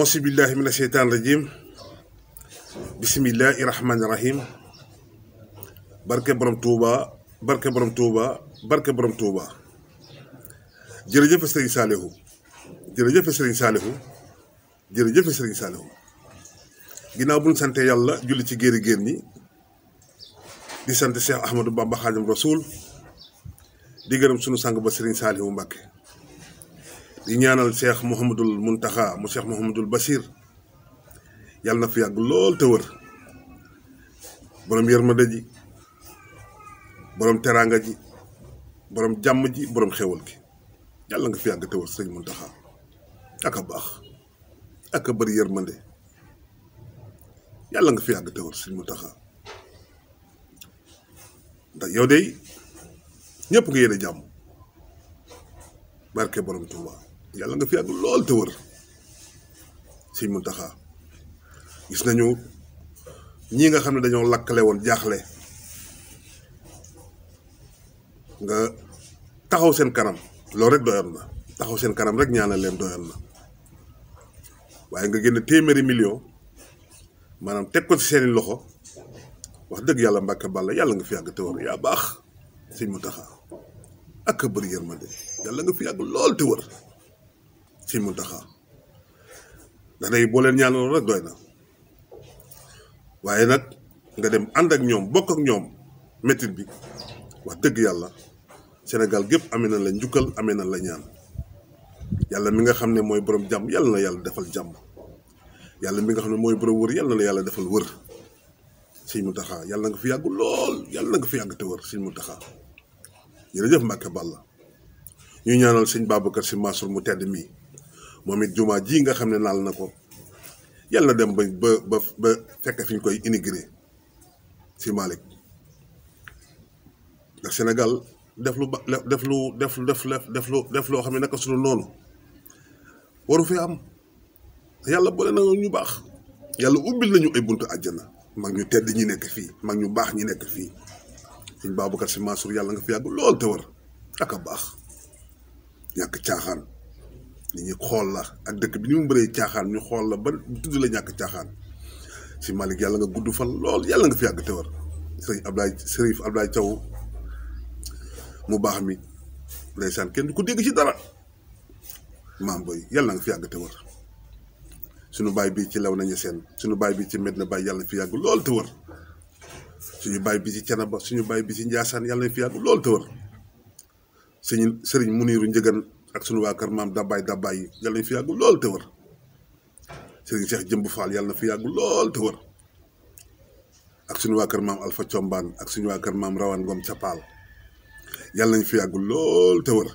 ausu billahi min asheytaan rajim bisimillahi rahmaani rahim barke borom tuuba barke borom tuuba barke borom tuuba jërëjëfe sëriñ saalihu jërëjëfe sëriñ saalihu jërëjëfe sëriñ saalihu ginnaaw buñ sante yàlla julli ci géeri géer ñi di sant Cheikh Ahmadou Bamba Xaadimu Rasuul di gërëm sunu sang ba sëriñ saalihu Mbàkke di ñaanal cheikh Mouhamadul Muntaxa mu cheikh Mouhamadul Bachir yàlla na fi yàgg lool te borom yërmande ji borom teraanga ji borom jàmm ji borom xewal gi yàlla nga fi yàgg te wër sëñ Muntaxa ak a baax ak a bëri yërmande yàlla nga fi yàgg te wër sëñ Muntaxa yow de ñëpp nga yéene jàmm barke borom Tuuba yalla nga fi ak lol te wër sëñ muntaha gis nañu ñi nga xamne dañoo lakkale won jaxlé nga taxaw seen kanam lo rek doyal na taxaw seen kanam rek ñaanal leen doyal na waye nga génn téméré million manam tek ko ci seen loxo wax deug yalla mbàkke balla yalla nga fi ag te wër ya bax ak yermade yalla nga fi ag lol te wër sëñ Muntaxa ndax day boo leen ñaanaloon rek doy na waaye nga dem and ak ñom bok ak ñom metit bi wax deug yalla senegal gep amina la njukkal amina la ñaan yalla mi nga xamne moy borom jàmm yalla na yalla defal jàmm yalla mi nga xamne moy borom wër yalla na yalla defal wër seigne moutakha yalla nga fi yag lool yalla nga fi yag te wër sëñ Muntaxa jërëjëf mbacke balla ñu ñaanal seigne Babacar ci Mansour mu tedd mi momit juma ji nga xamne nal nako yalla dem ba ba ba fekk fiñ koy inigré ci malik da senegal def lu def lu def def def lu def lo xamne naka sunu waru fi am yàlla boole na ñu bax yalla ubbil nañu ay buntu aljana mag ñu tedd ñi nekk fi mag ñu bax ñi nekk fi seigne babacar si mansour yalla nga fi yag lool te war ak bax baax ñàkk ni ñi xol la ak dëkk bi ni mu bëree caaxaan ñu xol la ba tudd la ñàkk caaxaan si malik yàlla nga gudd fan lool yàlla nga fi yàgg te war sëriñ ablaay sërif ablaay caw mu baax mi ndeysaan kenn du ko dégg ci dara maam boy yàlla nga fi yàgg te war suñu baay bi ci law nañu seen suñu baay bi ci medna baay yàlla fi yàgg lool te war suñu baay bi ci ba suñu baay bi ci njaasaan yàlla fi yàgg lool te war sëriñ sëriñ muniru njëgan ak sunu wa kër maam dabay fiagulol yalla yàlla fi yàgg lool te wër sëriñ Cheikh Jëmb Fall yalla fi yàgg lool te wër ak sunu wa kër maam Alpha Chomban ak sunu wa kër maam rawan gom chapal yalla fi yàgg lool te wër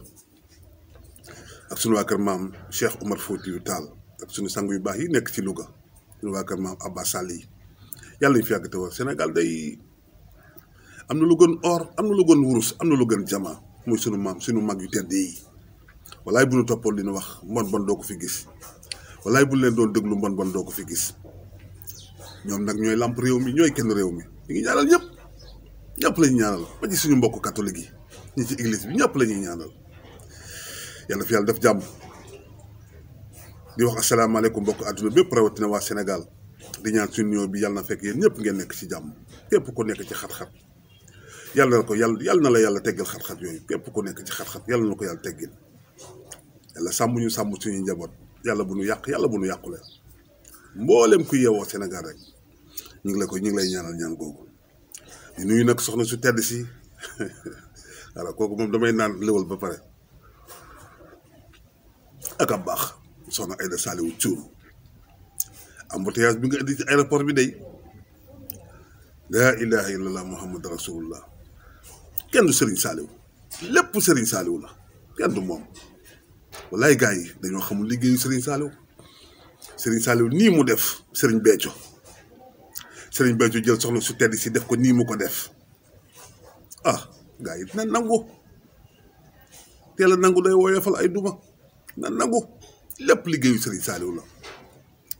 ak sunu wa kër maam Cheikh Omar yu Tal ak sunu sangu yu bax yi nekk ci Louga sunu wa kër maam Abba sali yalla fi yag te wër senegal day amna lu gën or amna lu gën wurus amna lu gën jama muy sunu maam sunu mag yu tedd yi walay bu ñu toppoon li wax mon bon doko fi gis walay bu leen doon deglu mon bon doko fi gis ñom nak ñoy lamp rew mi ñoy kenn rew mi ñi ñaanal ñep ñep lañ ñaanal ba ci suñu mbokk catholique yi ñi ci église bi ñep lañ ñaanal yalla fi yalla def jamm di wax assalamu alaykum mbokk aduna bepp rawati na wa senegal di ñaan suñu ñoo bi yalla na fekk yeen ñep ngeen nek ci jamm képp ku nek ci xat-xat yalla na ko yalla yàlla na la yalla teggal xat-xat yoy képp ku nek ci xat-xat yalla na ko yàlla teggil yalla sambu ñu sambu suñu njaboot yalla bu ñu yàq yalla bu ñu yàqule mboolem ku yewo senegal rek ñu ngi la ko ñu ngi lay ñaanal ñaan gogu di nuyu nak soxna su tedd ci ala koku mom damay naan leewal ba pare ak am bax soxna Aïda Saliou Thiour embouteillage bi nga indi ci aéroport bi day la ilaha illallah muhammad rasulullah kenn du Serigne salewu lepp Serigne salewu la kenn du wallaay gars yi dañoo xamul liggéeyu Serigne Saliou sëriñ Saliou nii mu def Serigne beejo Serigne Béthio jël soxla su tedd si def ko nii mu ko def ah gars yi na nangu teel a nangu day woyofal ay duma na nangu lépp liggéeyu Serigne Saliou la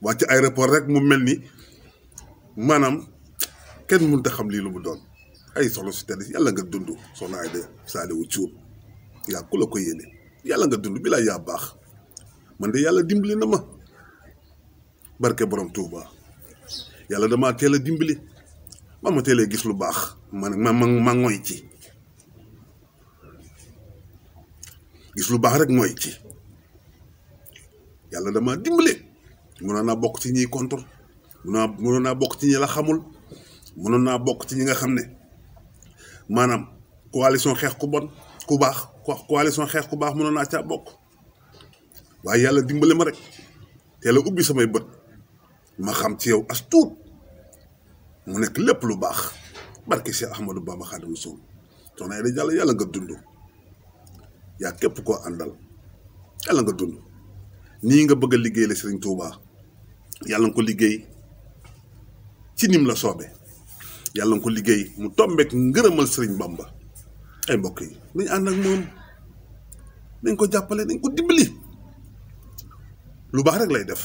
wàcc aéroport rek mu mel ni maanaam kenn mun te xam lii lu mu doon ay soxla su tedd si yàlla nga dund soxna Aida Saliou Thioune yaa ku la ko yéene. yàlla nga dund bi laa yaa baax man de yàlla dimbali na ma barke borom Touba yàlla damaa teel a dimbali maa gis lu baax man ma ma ma ngoy ci gis lu baax rek ngoy ci yàlla damaa dimbali mënoon naa bokk ci ñiy contre mënoon naa bokk ci ñi la xamul mënoon naa bokk ci ñi nga xam ne maanaam coalition xeex ku bon ku baax. coalition xeex ku baax mënoon naa caa bokk waaye yàlla dimbale ma rek teel a ubbi samay bët ma xam ci yow as tuut mu nekk lépp lu baax barke Cheikh Ahmadou Bamba Khadimu Sow soxna Aida Diallo yàlla nga dund yaa képp koo àndal yàlla nga dund nii nga bëgg a liggéey la Serigne Touba yàlla nga ko liggéey ci nim la soobe yàlla nga ko liggéey mu tombeek ngërëmal Serigne Bamba ay eh, mbokk yi nañ ànd ak moom nañ ko jàppale nañ ko dimbali lu baax rek lay def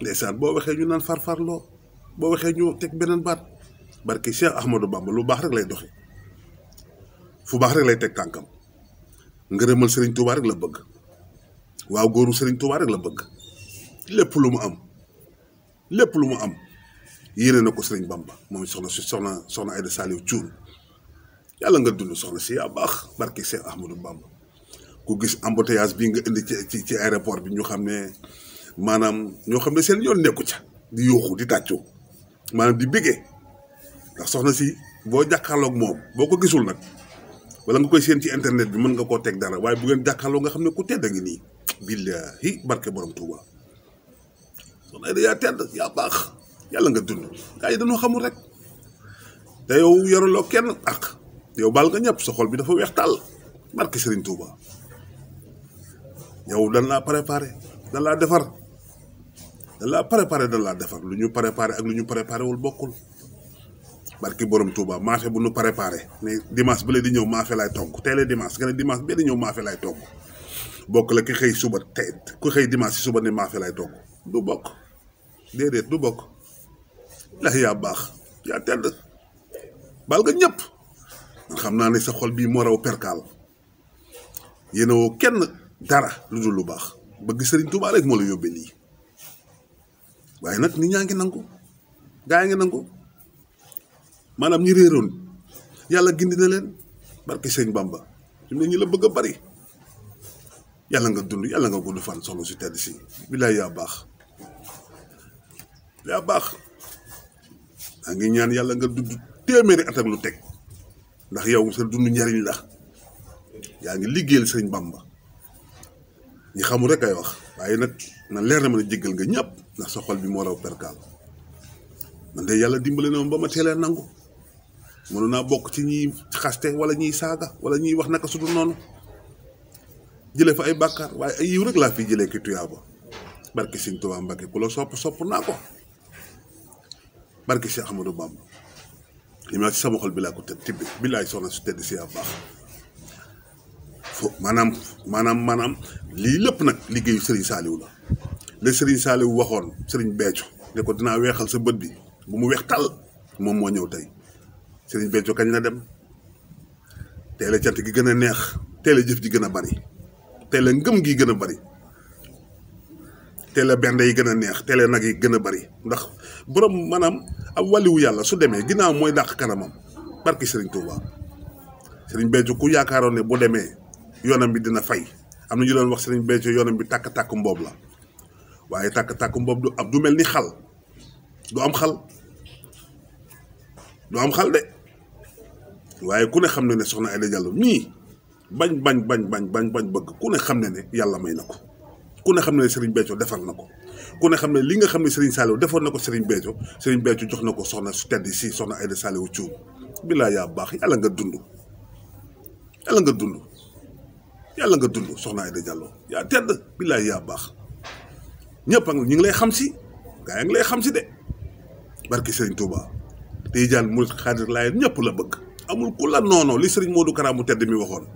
ndeysaan boo waxee ñu naan farfarloo boo waxee ñu teg beneen baat barke cheikh ahmadou bamba lu baax rek lay doxe fu baax rek lay teg tànkam ngërëmal sëriñ tuba rek la bëgg waaw góoru sëriñ tuba rek la bëgg lépp lu mu am lépp lu mu am yéene na ko sëriñ bamba moom soxna soxna soxna ayda saliw cuun yalla nga dund soxna ci yaa baax barki Cheikh Ahmadou Bamba ku gis embouteillage bi nga indi ci ci aéroport bi ñu xamné manam maanaam xamné seen yoon neeku ci di yoxu di taccu manam di bigé ndax soxna ci bo jàkkaarloog moom boo gisul nak wala nga koy seen ci internet bi mën nga ko tek dara way bu ngeen jakkalo nga xamné ku tedd ngi ni billahi barke borom Touba soxna Aida ya tedd ya bax yalla nga dund gars dañu xamul rek te yow lo kenn ak yow baal nga ñëpp sa xol bi dafa weex tàll barki Serigne Touba yow dan laa préparé dan laa defar dan laa préparé laa defar lu ñu préparé ak lu ñu préparé wul bokkul barki borom Touba maafe bu nu préparé ne dimanche ba la di ñëw maafe laay togg tey la dimanche nga ne dimanche ba ñëw maafe lay togg bokk la ki xëy suba tey ku xëy dimanche si suba ne maafe lay togg du bokk déedéet du bokk ndax yaa baax yaa tedd baal nga ñëpp. xam naa ne sa xol bii moo raw perkaal yéenewoo kenn dara lu dul lu baax bëgg sëriñ tuuba rek moo la yóbbee lii waaye nag nit ñaa ngi nangu gaa ngi nangu maanaam ñi réeroon yàlla gindi na leen barke bamba ñu ne ñi la bëgg a bari yàlla nga dund yàlla nga gudd fan solo si tedd si bilaay yaa baax yaa baax maa ngi ñaan yàlla nga dund téeméeri at lu teg ndax yow sa dund njariñ la yaa ngi liggéeyal sëriñ bamba ñi xamul rek ay wax waaye nag na leer na ma ne jéggal nga ñëpp ndax sa bi moo raw perkaal man de yàlla dimbale na ba ma teelee nangu mënu naa bokk ci ñiy xaste wala ñiy saaga wala ñiy wax naka sudul noonu jëlee fa ay bàkkaar waaye ay yiw rek laa fi jëlee ki tuyaaba barke sëriñ tuba ku la sopp sopp naa ko cheikh amadou bamba li ma sama xol bi laa ko teg tibbi billaay soxna su tedd si yaa baax fo maanaam maanaam lii lépp nag liggéeyu Serigne Saliou la la Serigne Saliou waxoon sëriñ Béthio ne ko dinaa weexal sa bët bi bu mu weex tàll moom moo ñëw tey Serigne Béthio kañ la dem tey la gi gën a neex tey la jëf ji gën a bari tey la ngëm gi gën a bari tey la bende yi gën a neex teele nag yi gën a bari ndax borom maanaam ab wàlliwu yàlla su demee ginnaaw mooy dàq kanamam barki Serigne Touba sëriñ Béthio ku yaakaaroon ne bu demee yoonam bi dina fay am na ñu doon wax sëriñ Béthio yoonam bi tàkk-tàkk mboob la waaye tàkk-tàkk mboob du ab du mel ni xal du am xal du am xal de waaye ku ne xam ne ne soxna Aïda Diallo mii bañ bañ bañ bañ bañ bañ bëgg ku ne xam ne ne yàlla may na ko. ku ne xam ne sëriñ Béthio defal na ko ku ne xam ne li nga xam ne Serigne Saliou defoon na ko sëriñ Béthio sëriñ Béthio jox na ko soxna su tedd si soxna Aïda Saliou Thioune bilaa yaa baax yàlla nga dund yàlla nga dund yàlla nga dund soxna Aïda Diallo yaa tedd bilaa yaa baax ñëpp ñu ngi lay xam si gaa ngi lay xam si de barki Serigne Touba tey jaan murit xaadir laay ñëpp la bëgg amul ku la noonoo li sëriñ Modou Kara mu tedd mi waxoon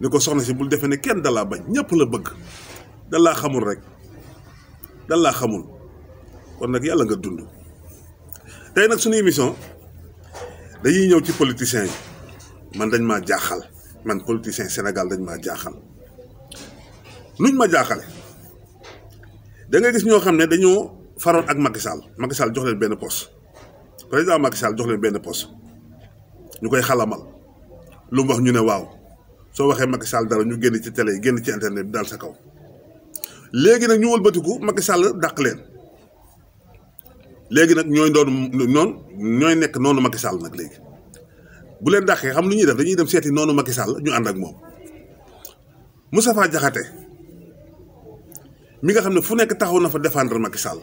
ni ko soxna si bul defee ne kenn dalaa bañ ñëpp la bëgg. dal laa xamul rek dal laa xamul kon nag yàlla nga dund tey nag suñu émission dañuy ñëw ci politiciens yi man dañ maa jaaxal man politicien Sénégal dañ maa jaaxal nuñ ma jaaxale da ngay gis ñoo xam ne dañoo faroon ak Macky Sall jox leen benn post président Macky Sall jox leen benn post ñu koy xalamal lu mu wax ñu ne waaw soo waxee Macky Sall dara ñu génn ci télé yi génn ci internet bi daal sa kaw léegi nag ñu wëlbatiku Macky Sall dàq leen léegi nag ñooy doon noonu ñooy nekk noonu Macky Sall nag léegi bu leen dàqee xam lu ñuy def dañuy dem seeti noonu Macky Sall ñu ànd ak moom Moustapha Diakhaté mi nga xam ne fu nekk taxaw na fa défendre Macky Sall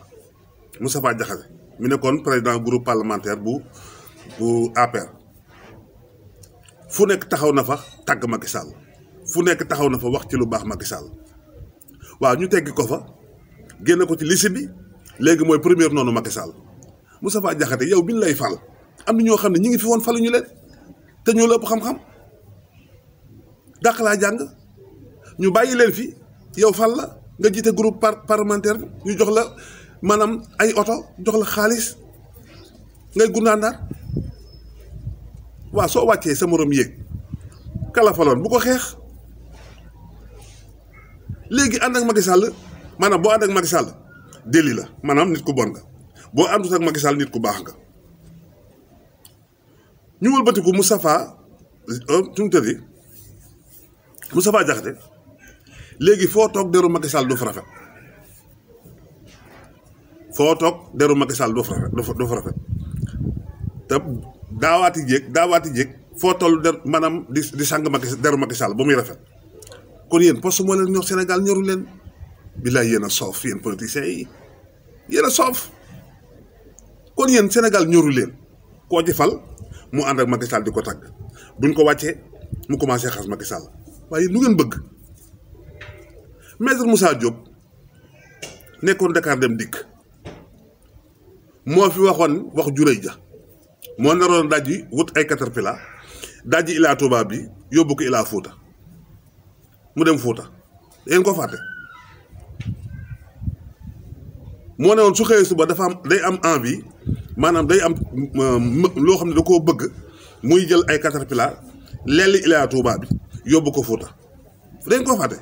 Moustapha Diakhaté mi nekkoon président groupe parlementaire bu bu APR fu nekk taxaw na fa tàgg Macky Sall fu nekk taxaw na fa wax ci lu baax Macky sàll wa ñu tegg ko fa génn ko ci lycée bi léegi mooy première noonu Macky Sall Moustapha Diakhaté yow biñ lay fal am na ñoo xam ne ñi ngi fi woon faluñu leen te ñoo la xam-xam dàq laa jàng ñu bàyyi leen fi yow fal la nga jiite groupe par parlementaire ñu jox la maanaam ay oto jox la xaalis ngay gundaandaar waaw soo wàccee sa morom yéeg kala faloon bu ko xeex lagi and ak Macky Sall manam bo and ak Macky Sall deli la manam nit ku bon nga bo àndut ak Macky Sall nit ku bax nga ñu wëlbatiku Moustapha tumu euh, tedi Moustapha Diakhaté léegi fo tok deru Macky Sall du fa rafet foo deru Macky Sall du rafet du rafet te dawati jek der manam di sang Macky deru Macky Sall bu muy rafet kon yéen poste moo leen ñor Sénégal ñoru leen billaay yéen a soof yéen politiciens yi yéen a soof kon yéen Sénégal ñoru leen koo defal fal mu ànd ak Macky Sall di ko tàgg buñ ko wàccee mu commencé xas Macky Sall waaye lu ngeen bëgg maître Moussa Diop nekkoon Dakar dem dikk moo fi waxoon wax juréy ja moo naroon daj wut ay caterpillar daj ila Touba bi yóbbu ko ilaa mu dem Fuuta da ko fàtte moo ne woon su xëyee suba dafa am day am envie maanaam day am euh, loo xam ne du ko bëgg muy jël ay caterpillar lelli Ila Touba bi yóbbu ko Fuuta dañ ko fàtte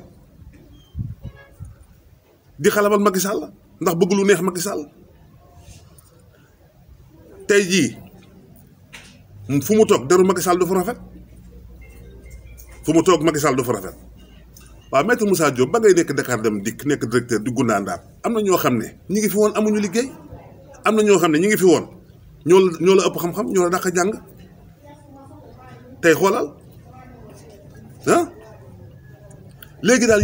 di xalabal Macky Sall ndax bëgg lu neex Macky Sall tey jii fu mu toog deru Macky du fa rafet fu mu toog Macky Sall du fa rafet wa maître Moussa Diop ba ngay nek Dakar dem dik nek directeur du Gunda Ndar am na ñoo ñi ngi fi won amuñu liggéey amna ño ñoo ñi ngi fi won ñoo ñoo la ëpp xam-xam ñoo la dàq jàng tey xoolal ah léegi daal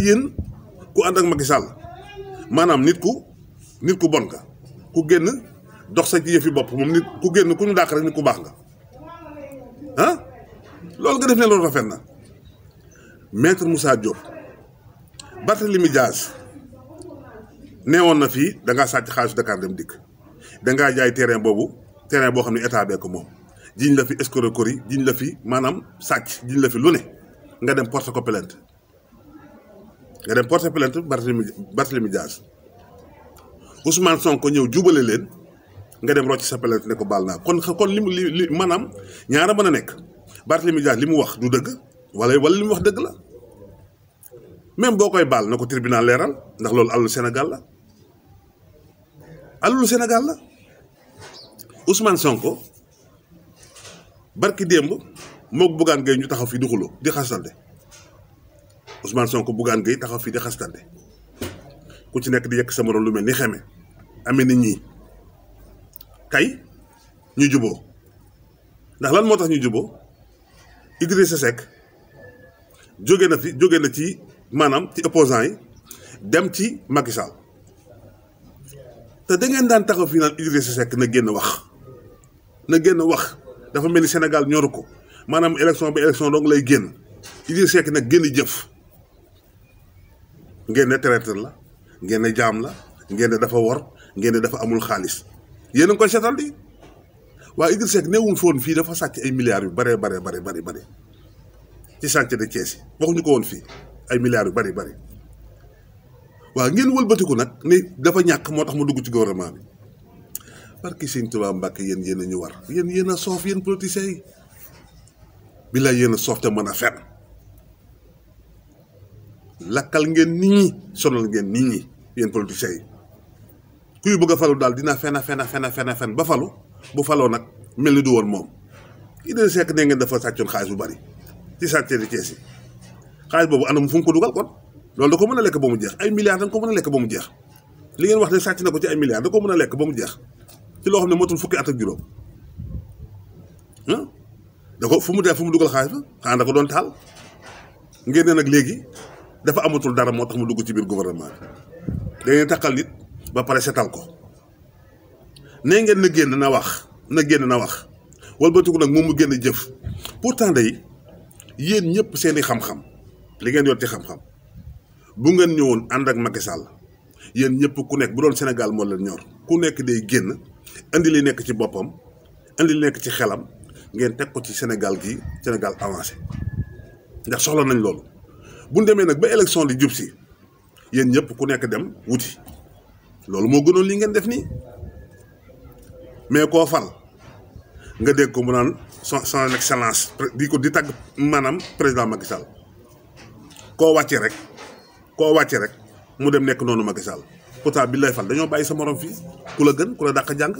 ku and ak Macky Sall manam nit ku nit ku bon ka ku genn dox sa ci yëfi bopp nit ku genn ku ñu dàq rek nit ku bax nga ah loolu nga def ne loolu rafet na maître Moussa Diop Barthélemy Dias neewoon na fii da ngaa sàcc xaalisu Dakar dem dikk da ngaa jaay terrain boobu terrain boo xam ne état bee ko moom jiñ la fi escroquerie jiñ la fi maanaam sàcc jiñ la fi lu ne nga dem porte ko plainte nga dem porte plainte Barthélemy Barthélemy Dias Ousmane Sonko ñëw jubale leen nga dem rocc sa plainte ne ko baal naa kon kon li mu li maanaam ñaara mën a nekk Barthélemy Dias li mu wax du dëgg wala wala li mu wax dëgg la. même boo koy baal na ko tribunal leeral ndax loolu alalu sénégal la alu sénégal la ousmane sonko barki démb moog bugaan gay ñu taxaw fi di di xastante ousmane sonko bugaan gay taxaw fi di xastante ku ci nekk di yekk sa morom lu mel ni xeme amee nit ñii kay ñu juboo ndax lan moo tax ñu juboo idrissa sek jóge na fi jóge na ci Manam ci opposant yi dem ci Macky Sall te da ngeen daan taxaw fii naan Idrissa Seck na génn wax na génn wax dafa mel ni Sénégal ñoru ko maanaam élection ba élection dong lay génn Idrissa Seck nag génn jëf ngeen ne la ngeen ne la ngeen dafa wor ngeen dafa amul xaalis yéen a ngi koy seetal di waaye Idrissa Seck neewul foon fii dafa sàcc ay milliards yu bare bare bare bare bare ci chantier de Thiès waxuñu ko woon fii ay milliards yu bari bari waaw ngeen wëlbatiku nag ni dafa ñàkk moo tax mu dugg ci gouvernement bi barki sëñ tuba mbàkke yéen yéen a ñu war yéen yéen a soof yéen politiciens yi billaay yéen a soof te mën a fen lakkal ngeen nit ñi sonal ngeen nit ñi yéen politiciens yi kuy bëgg a falu daal dina fen a fen a fen a fen a fen ba falu bu faloo nag mel du woon moom ne ngeen dafa sàccoon xaalis bu bari ci sàccee di xaalis boobu na fu nga ko dugal kon loolu da ko mën a lekk ba mu jeex ay milliards da nga ko mën a lekk ba mu jeex li ngeen wax ne sàcc na ko ci ay milliards da ko mën a lekk ba mu jeex ci loo xam ne motul fukki at ak juróom ah da ko fu mu def fu mu dugal xaalis ba xanaa da ko doon taal ngeen ne nag léegi dafa amatul dara moo tax mu dugg ci biir gouvernement bi dañuy takkal nit ba pare setal ko nee ngeen na génn na wax na génn na wax walbatiku nag moom mu génn jëf pourtant day yéen ñëpp seeni xam-xam li ngeen yor ci xam-xam bu ngeen ñëwoon ànd ak Macky Sall yéen ñëpp ku nekk bu doon Sénégal moo leen ñor ku nekk day génn indi li nekk ci boppam indi li nekk ci xelam ngeen teg ko ci Sénégal gii Sénégal avancé ndax soxla nañ loolu bu demee nag ba élection di jub si yéen ñëpp ku nekk dem wuti loolu moo gënoon li ngeen def nii mais koo fal nga dégg ko mu naan so son excellence di ko di tagg maanaam président Macky Sall koo wàcce rek koo wàcce rek mu dem nekk noonu Macky Sall pourtant bi lay fal dañoo bàyyi sa morom fii ku la gën ku la dàq jàng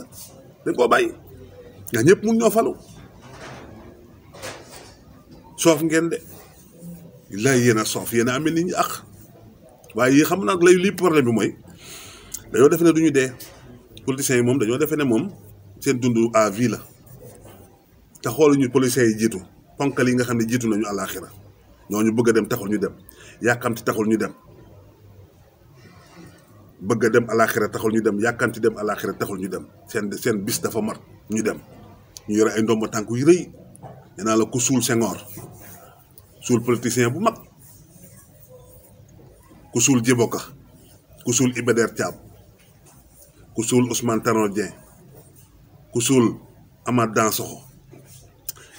dañ koo bàyyi ndax ñëpp mun ñoo soof ngeen de lay yéen a soof yéen a amee nit ñi ak waaye yi xam naa lay lii problème bi mooy dañoo defe ne du ñu dee politiciens yi moom dañoo defe ne moom seen dund à vie la te xooluñu politiciens yi jiitu ponkal yi nga xam ne jiitu nañu àllaaxira ñooñu bëgg a dem taxul ñu dem yàkkamti taxul ñu dem bëgg a dem alaxira taxul ñu dem yàkkamti dem alaxira taxul ñu dem seen seen bis dafa mat ñu dem ñu yore ay ndomba tànk yu rëy nee naa la ku suul sengoor suul politicien bu mag ku suul Djibo Ka ku suul Iba Der ku suul Ousmane Tanor Dieng ku suul Amath Dansokho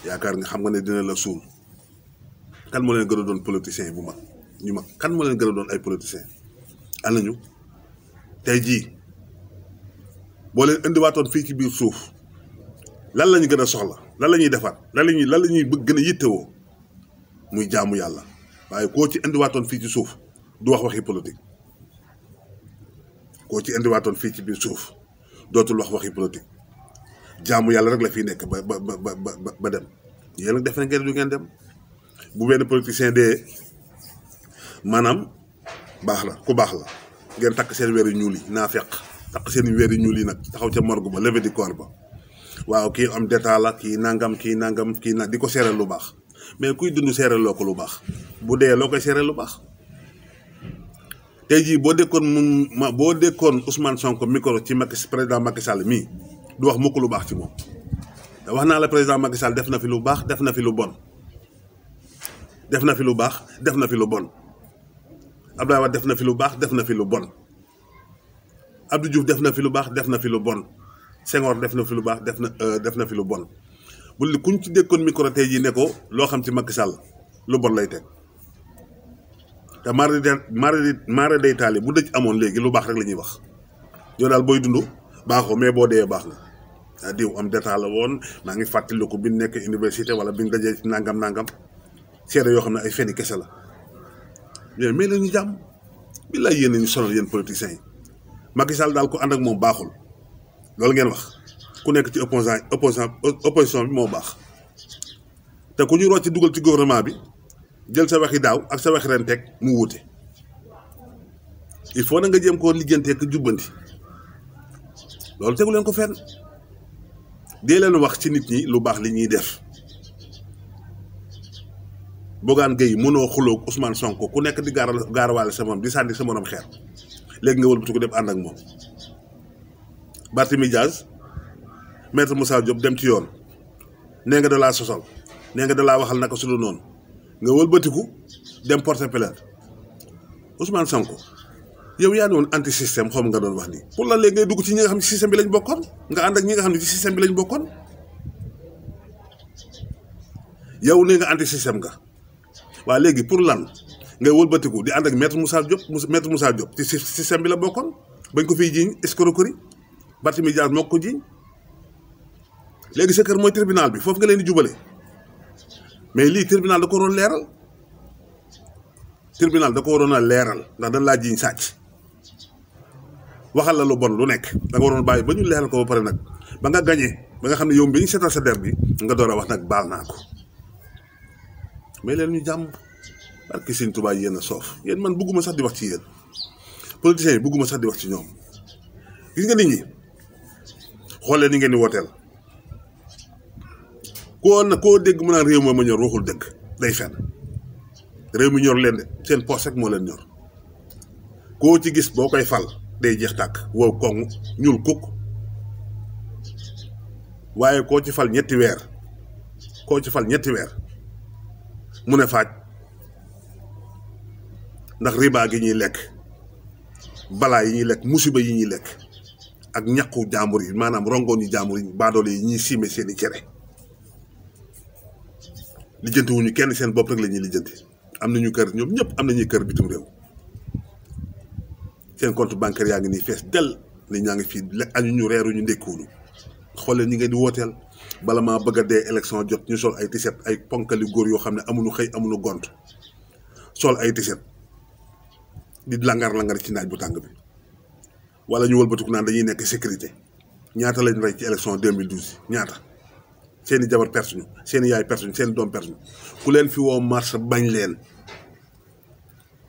yaakaar nga xam nga ne dina la suul kan moo leen gën doon politicien bu mag ñu mag kan moo leen gën a doon ay politiciens am tey jii boo leen indiwaatoon fii ci biir suuf lan lañu gën a soxla lan la ñuy defar lan la lan la ñuy bëgg gën a yittewoo muy jaamu yàlla waaye koo ci indiwaatoon fii ci suuf du wax waxi politique ci indiwaatoon fii ci biir suuf dootul wax waxi politique jaamu yàlla rek la fi nekk ba ba ba ba dem yéen nag defe ngeen du ngeen dem bu benn politicien dee. manam bahla ku bahla ngeen tak seen wéru ñuul nafiq tak seen wéru ñuul yi nak taxaw ci morgu ba levé di corps ba waaw ki am d'état la ki nangam ki nangam ki na di ko lu bax mais kuy dund séré lo ko lu bax bu dé lo ko séré lu bax tey jii boo mu ma boo Ousmane Sonko micro ci Macky président Macky Sall mi du wax moko lu bax ci mom da wax na la président Macky Sall def na fi lu bax def na fi lu bon def na fi lu bax def na fi lu bon Abdoulaye Wade def na fi lu baax def na fi lu bon Abdou def na fi lu baax def na fi lu bon Senghor def na fi lu baax def na euh, def na fi lu bon bu li kuñ ci dékkoon micro tey jii ne ko loo xam ci Macky Sall lu bon lay teg te mara de mara de mara day taali bu dëj amoon léegi lu baax rek la ñuy wax ñoo daal booy dund baaxoo mais boo dee baax na. Ah, diw am détat la woon maa ngi ko bi nekk université wala bi ñu dajee ci nangam nangam seede yoo xam ne ay feni kese la ñoom mais leen ñu jàmm billaay yéen ñu sonal yeen politiciens Macky Sall dal ko and ak mom baxul lol ngeen wax ku nekk ci opposant opposant opposition bi mo bax te ku ñu rocc duggal ci gouvernement bi jël sa waxi daw ak sa waxi ren tek mu wuté il faut na nga jëm ko liggéeyantee ak jubbanti lol tegu leen ko fenn dé leen wax ci nit ñi lu bax li ñi def Bougane Gueye mënoo xuloog Ousmane Sonko ku nekk di gaara gaarawaale sa moom di sànni sa morom xeer léegi nga wëlbatu ko dem ànd ak moom. Barthélemy Dias maître Moussa dem ci yoon nee nga da laa sosal nee nga da laa waxal naka su dul noonu nga wëlbatiku dem porter plainte Ousmane Sonko yow yaa ne woon anti système xaw nga doon wax nii. pour la léegi ngay dugg ci ñi nga xam ne système bi lañ bokkoon nga ànd ak ñi nga xam ne ci système bi lañu bokkoon yow nee nga nga. waa léegi pour lan ngay wëlbatiku di ànd ak maître Moussa Diop maître Moussa Diop ci système bi la bokkoon bañ ko fiy jiiñ escroquerie Barthélémy Dias moo ko jiiñ léegi sa kër mooy tribunal bi foofu nga leen di jubale mais lii tribunal da ko waroon leeral tribunal da ko waroon a leeral ndax dañ laa jiiñ sàcc waxal la lu bon lu nekk da waroon bàyyi ba ñu leeral ko ba pare nag ba nga gañee ba nga xam ne yow bi ñu seetal sa der bi nga door a wax nag baal naa ko mais leen ñu jàmm ak Sëriñ Tuubaa yéen a soof yéen man bëgguma sax di wax ci yéen politiciens yi bëgguma sax di wax ci ñoom gis nga nit ñi xoolee ni ngeen di wooteel koo na koo dégg mu naan réew moo ma ñor waxul dëgg day fenn réew mi ñor leen de seen poche rek moo leen ñor koo ci gis boo koy fal day jeex tàkk wow koŋ ñuul kukk waaye koo ci fal ñetti weer koo ci fal ñetti weer mu ne faaj ndax riba gi ñuy lekk balaa yi ñuy lekk musiba yi ñuy lekk ak ñaqu jaambur yi maanaam rongoon yi jaambur yi baadoole yi ñuy siime seen i cere lijjanti wuñu kenn seen bopp rek la ñuy lijjanti am nañu kër ñoom ñëpp am nañuy kër bitum réew seen compte bancaire yaa ngi ni fees dell ni ñaa ngi fi lekk añu ñu reeruñu ndékkuwuñu xool leen ñi ngeen di wooteel bala ma bëgg a dee élection jot ñu sol ay tiset ay ponkali góor yoo xam ne amuñu xëy amuñu gont sol ay tiset di langar langar ci naaj bu tàng bi wala ñu wëlbatiku naan dañuy nekk sécurité ñaata lañ rey ci élection 2012 ñaata seeni jabar persuñu seeni yaay persuñu seeni doom persuñu ku leen fi woo marche bañ leen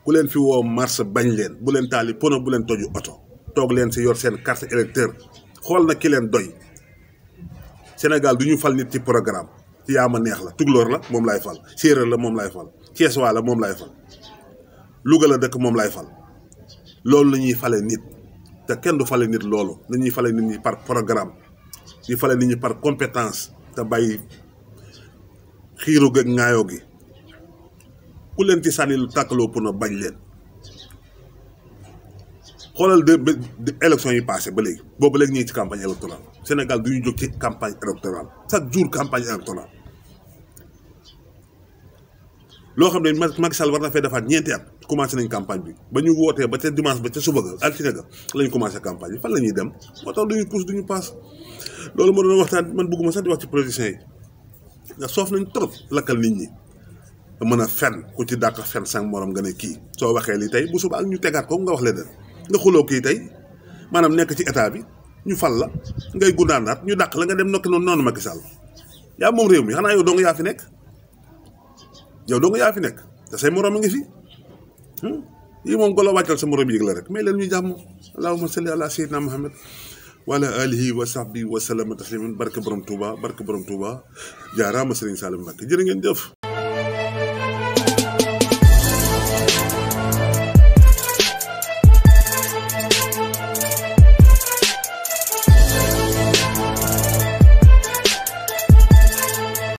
ku leen fi woo marche bañ leen bu leen taali pono bu leen toju oto toog leen si yor seen carte électeur xool na ki leen doy Sénégal du ñu fal nit ci programme yaa ma neex la Tukulóor la moom laay fal séeréer la moom laay fal Cees waa la moom laay fal Louga la dëkk moom lay fal loolu la ñuy fale nit te kenn du fale nit loolu nañuy fale nit ñi par programme di fale nit ñi par compétence te bàyyi xiiru gëg ŋaayoo gi ku leen ci sànni lu tàkkaloo pour na bañ leen xolal de election yi passé ba léegi boobu léegi ñu ci campagne électorale Sénégal duñu ñu jóg ci campagne électorale chaque jour campagne électorale loo xam ne Macky Sall war na fee defaat ñeenti at commencé nañ campagne bi ba ñu wootee ba ca dimanche ba ca suba ga altine ga lañ commencé campagne bi fan la ñuy dem moo tax duñu pousse duñu passe loolu ma doon waxtaan man bëgguma sax di wax ci politiciens yi ndax soof nañ trop lakal nit ñi mën a fen ku ci dàq fen sang morom nga ne kii soo waxee li tey bu suba ak ñu tegaat ko nga wax leen nga xuloo kii tey maanaam nekk ci état bi ñu fal la ngay gundaandaat ñu dàq la nga dem nokki noonu noonu Macky Sall yaa moom réew mi xanaa yow dong yaa fi nekk yow dong yaa fi nekk te say morom a ngi fi yii hmm? moom golo wàccal sa morom yëg la rek may leen ñu jàmm allahumma salli ala sayyidina muhammad wa ala alihi wa sahbihi wa sallama tasliman barke borom Touba barke borom Touba jaaraama Serigne Saliou Mbacké jërë ngeen jëf